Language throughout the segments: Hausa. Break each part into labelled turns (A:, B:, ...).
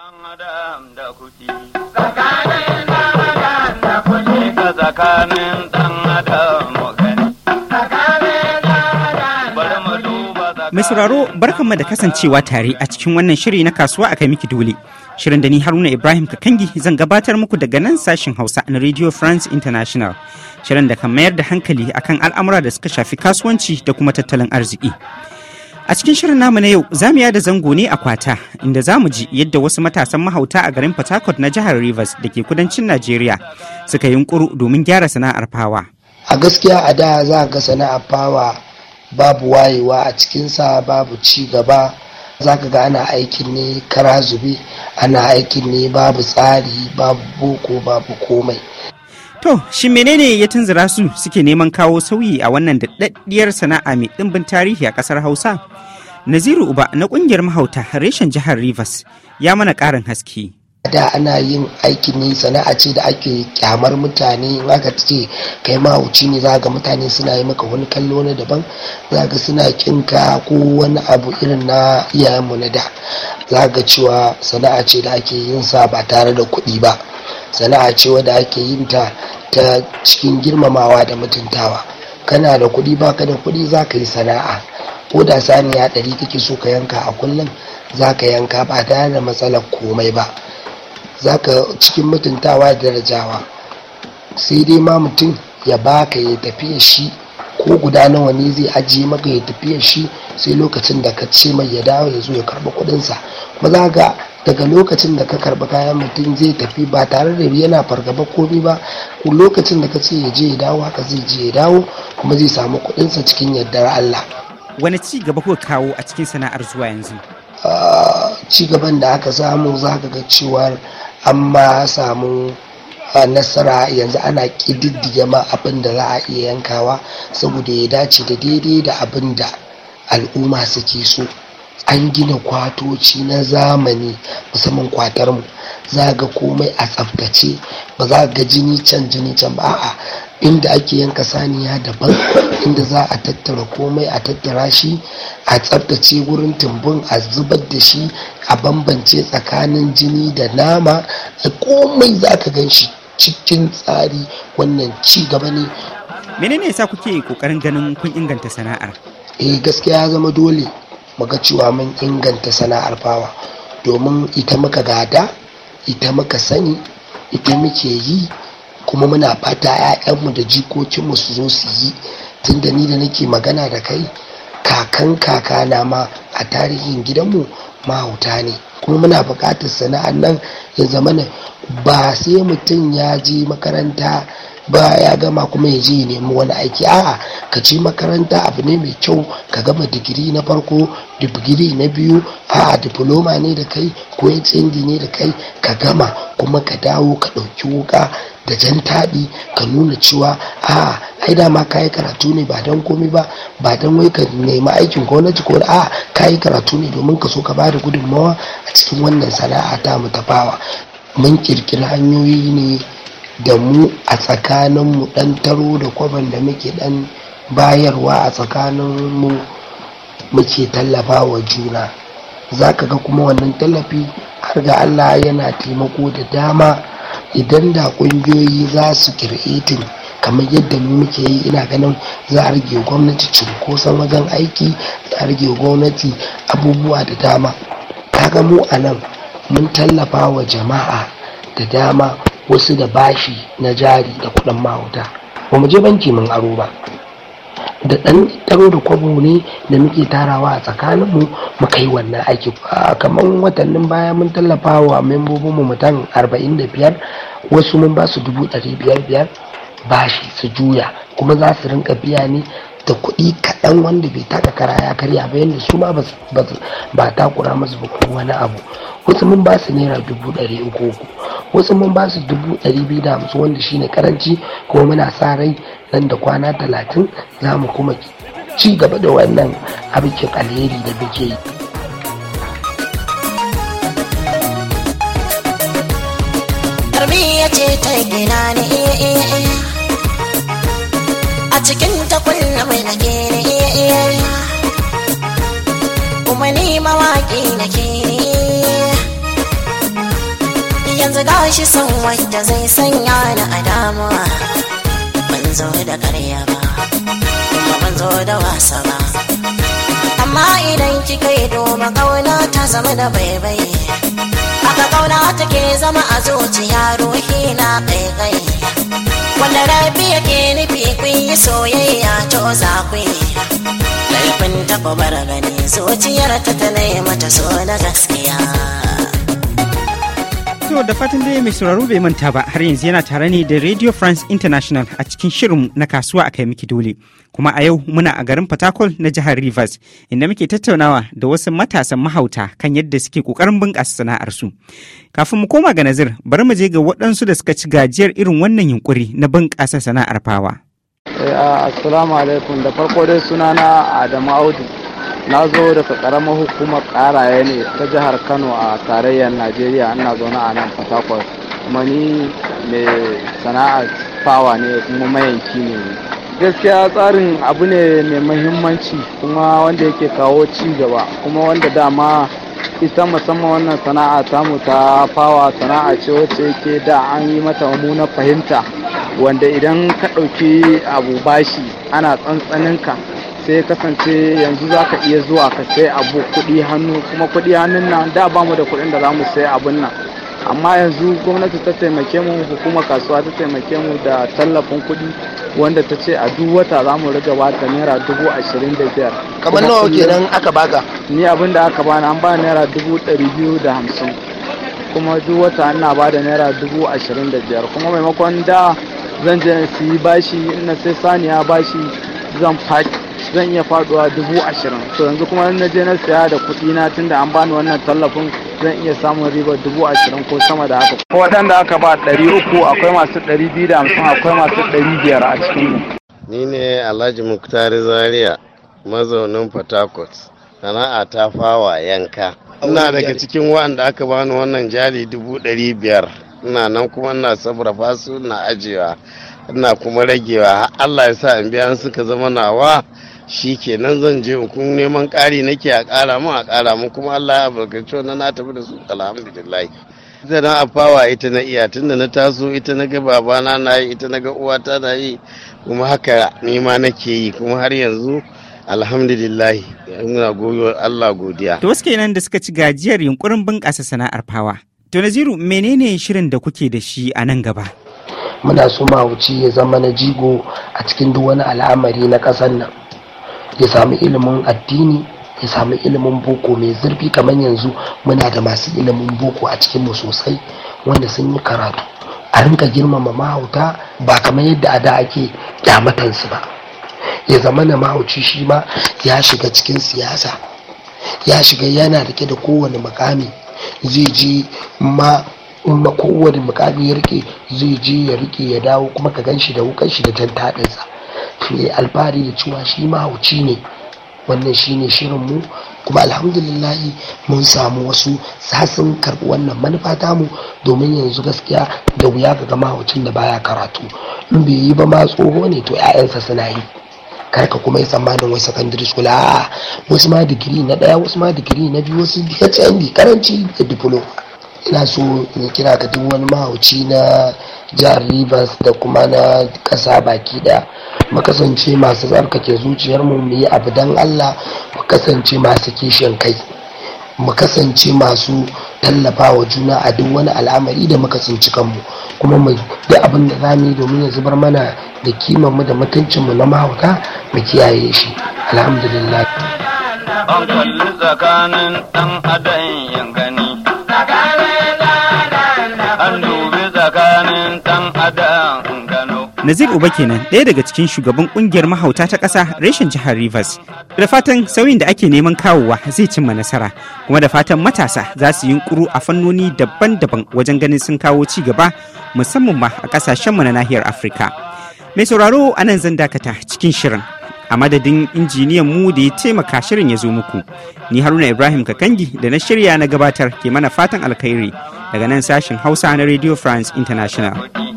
A: Mai
B: sauraro barkanmu da kasancewa tare a cikin wannan shiri na kasuwa a miki dole. Shirin da ni Haruna Ibrahim Kakangi zan gabatar muku daga nan sashen Hausa na Radio France International. Shirin da kan mayar da hankali akan al'amura da suka shafi kasuwanci da kuma tattalin arziki. A cikin shirin namu na yau za mu yada zango ne a kwata inda za mu ji yadda wasu matasan mahauta a garin Port na jihar Rivers da ke kudancin Najeriya suka yi yunkuru domin gyara sana'ar fawa.
C: A gaskiya a da za ga sana'ar fawa babu wayewa a cikinsa babu ci gaba za ka ga ana aikin ne kara zube ana aikin ne babu tsari babu boko babu komai
B: To, shi menene ya tunzura su suke neman kawo sauyi a wannan daɗaɗɗiyar sana'a mai ɗimbin tarihi a ƙasar Hausa? Naziru Uba na ƙungiyar mahauta reshen jihar Rivers ya mana ƙarin haske.
C: da ana yin aiki ne sana'a ce da ake kyamar mutane in aka ce kai mahauci ne za ga mutane suna yi maka wani kallo na daban za ga suna kinka ko wani abu irin na mu na da za ga cewa sana'a ce da ake yin sa ba tare da kuɗi ba sana'a ce wadda ake yin ta ta cikin girmamawa da mutuntawa kana da kuɗi ka da kuɗi za ka yi sana'a ko da saniya ɗari kake so ka yanka a kullum za ka yanka ba tare da matsalar komai ba za ka cikin mutuntawa da darajawa sai dai ma mutum ya ba ka ya tafiya shi ko guda nawa ne zai ajiye maka ya tafiya shi sai lokacin da ka ce mai ya dawo ya zo ya karɓi kuɗinsa kuma za ka. daga lokacin da ka karba kayan mutum zai tafi ba tare da yana fargaba komi ba lokacin da ka ce ya je ya dawo haka zai je ya dawo kuma zai samu kuɗinsa cikin yardar Allah.
B: Wani ci gaba kuka kawo a cikin sana'ar zuwa yanzu?
C: Ci gaban da aka samu za ka ga cewa an ma samu nasara yanzu ana ƙididdiga ma abin da za a iya yankawa saboda ya dace da daidai da abin da al'umma suke so. an gina kwatoci na zamani musamman kwatar mu za ga komai a tsaftace ba za ga jini can jini can ba a inda ake yanka saniya daban inda za a tattara komai a tattara shi a tsaftace wurin tumbun a zubar da shi a bambance tsakanin jini da nama a komai za ka gan shi cikin tsari wannan
B: ci gaba ne menene sa kuke kokarin ganin kun inganta sana'ar eh
C: gaskiya ya zama dole muga cewa mun inganta sana'ar fawa domin ita muka gada ita muka sani ita muke yi kuma muna fata 'ya'yanmu da jikokinmu su zo su yi tunda ni da nake magana da kai kakan kaka na ma a tarihin gidanmu mahauta ne kuma muna buƙatar sana'ar nan ya zama ba sai mutum ya je makaranta ba ya gama kuma ya je nemi wani aiki a'a ka ci makaranta abu ne mai kyau ka gama digiri na farko digiri na biyu a'a diploma ne da kai ko HND ne da kai ka gama kuma ka dawo ka ɗauki wuka da jan taɗi ka nuna cewa a ai dama ka yi karatu ne ba don komi ba ba don wai ka nemi aikin gwamnati ko a ka yi karatu ne domin ka so ka bada da gudunmawa a cikin wannan sana'a ta mu ta mun kirkiri hanyoyi ne da mu a tsakaninmu ɗan taro da kwaban da muke ɗan bayarwa a tsakaninmu muke tallafa wa juna za ka ga kuma wannan tallafi har ga allah yana taimako da dama idan da ƙungiyoyi za su kir'itin kamar yadda mu muke yi ina ganin za a rage gwamnati cinkoson wajen aiki za a rage gwamnati abubuwa da dama kaga mu a nan mun tallafa wa jama'a da dama wasu da bashi na jari da kuɗin mahauta ba mu je banki mun aro ba da ɗan taro da kwabo ne da muke tarawa a tsakanin mu mu kai wannan aiki kamar watannin baya mun tallafa wa membobin mu mutan 45 wasu mun ba su dubu bashi su juya kuma za su rinka biya ne da kuɗi kaɗan wanda bai taka kara ya karya ba yadda su ma ba takura masu ba ko wani abu wasu mun ba su naira dubu ɗari uku uku wasu mun ba su dubu ɗari biyu da hamsin wanda shine karanci kuma muna sa rai nan da kwana talatin za mu kuma ci gaba da wannan abikin alheri da muke yi.
D: a cikin ta kulla mai nake kuma ni mawaƙi nake yanzu gashi son wanda zai sanya ni a damuwa ban zo da karya ba kuma ban zo da wasa ba amma idan kika yi doma kauna ta zama da baibai haka ƙauna take zama a zuciya ruhi na ƙaiƙai yi soyayya to zakwai laifin taɓa bar gani zuciyar ta ta mata so na gaskiya
B: To da fatan dai mai sauraro bai manta ba har yanzu yana tare ne da Radio France International a cikin shirin na kasuwa a kai miki dole. Kuma a yau muna a garin Fatakol na jihar Rivers inda muke tattaunawa da wasu matasan mahauta kan yadda suke kokarin bunƙasa sana'arsu. Kafin mu koma ga Nazir, bari mu je ga waɗansu da suka ci gajiyar irin wannan yunkuri na bunƙasa sana'ar fawa.
A: Eh, ah, assalamu alaikum da farko dai sunana adamu audu na zo daga karamar hukumar karaye ne ta jihar kano a tarayyar najeriya ina zaune a nan fatakwal kuma ni mai sana'ar fawa ne kuma mayanki ne gaskiya tsarin abu ne mai mahimmanci kuma wanda yake kawo ci gaba kuma wanda dama ita musamman wannan sana'a tamu ta fawa sana'a ce wacce yake da an yi mata mummunar fahimta wanda idan ka ɗauki abu bashi ana tsantsaninka sai kasance yanzu za ka iya zuwa ka sai abu kuɗi hannu kuma kuɗi hannun nan da ba mu da kuɗin da za mu sai abun nan amma yanzu gwamnati ta taimake mu hukumar kasuwa ta taimake mu da tallafin kuɗi wanda ta ce a duk wata za mu riga bata naira dubu ashirin da biyar kamar nawa kenan aka baka ni abin da aka bani an ba naira dubu ɗari biyu da hamsin kuma duk wata ana ba da naira dubu ashirin da biyar kuma maimakon da zan je su yi bashi na sai saniya bashi zan zan iya faduwa dubu ashirin to yanzu kuma na je na saya da kuɗi na tunda an bani wannan tallafin zan iya samun ribar dubu ashirin ko sama da haka Ko waɗanda aka ba ɗari uku akwai masu ɗari biyu da hamsin akwai masu ɗari biyar a
C: cikin ni ne alhaji muktari zaria mazaunin port sana'a ta fawa yanka ina daga cikin waɗanda aka bani wannan jari dubu ɗari biyar ina nan kuma ina sarrafa su ina ajiyewa ina kuma ragewa Allah ya sa in biya suka zama nawa shi kenan zan je in kun neman ƙari nake a ƙara mu a ƙara mu kuma Allah ya albarkaci wannan na tafi da su alhamdulillah ita na afawa ita na iya tunda na taso ita na ga babana na yi ita na ga uwata na yi kuma haka nima nake yi kuma har yanzu alhamdulillah muna goyo Allah godiya to
B: wasu kenan da suka ci gajiyar yunkurin bunƙasa sana'ar fawa To Naziru menene shirin da kuke da shi a nan gaba? Muna
C: so mahauci ya zama na jigo a cikin duk wani al'amari na ƙasar nan. Ya samu ilimin addini, ya samu ilimin boko mai zurfi kamar yanzu muna da masu ilimin boko a cikin mu sosai wanda sun yi karatu. A rinka girmama mahauta ba kamar yadda a da ake kyamatansu ba. Ya zama na mahauci shi ma ya shiga cikin siyasa. Ya shiga yana rike da kowane mukami. zai je ma in kowane mukami ya rike zai je ya rike ya dawo kuma ka ganshi da wukan shi da jan taɗinsa ya alfahari da cewa shi mahauci ne wannan shine shirin mu kuma alhamdulillahi mun samu wasu sasin karɓi wannan manufa mu domin yanzu gaskiya da wuya ga mahaucin da baya karatu in bai yi ba ma tsoho ne to 'ya'yansa suna yi karka kuma yi tsammanin wai secondary school a wasu ma digiri na daya wasu ma digiri na biyu wasu hnd karanci da diploma ina so in kira ka duk wani mahauci na jihar rivers da kuma na kasa baki da mu kasance masu tsarkake zuciyarmu mu yi abu don allah mu kasance masu kishin kai mu kasance masu tallafa wa juna a duk wani al'amari da muka tsinci kanmu kuma mai da abin da za mu yi domin ya zubar mana da kimar mu da mutuncin mu na mahauta mu kiyaye shi alhamdulillah an adam gani
B: Nazir Uba kenan ɗaya daga cikin shugaban ƙungiyar mahauta ta ƙasa reshen jihar Rivers. Da fatan sauyin da ake neman kawowa zai cimma nasara, kuma da fatan matasa za su yi ƙuru a fannoni daban-daban wajen ganin sun kawo ci gaba musamman ma a ƙasashenmu na nahiyar Afirka. Mai sauraro a nan zan dakata cikin shirin. A madadin injiniyan mu da ya taimaka shirin ya zo muku. Ni Haruna Ibrahim Kakangi da na shirya na gabatar ke mana fatan alkhairi daga nan sashen Hausa na Radio France International.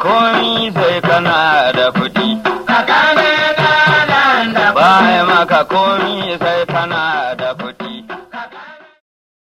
A: komi sai kana da kuɗi. Ka
C: gane da
A: nan da ba maka komi sai kana da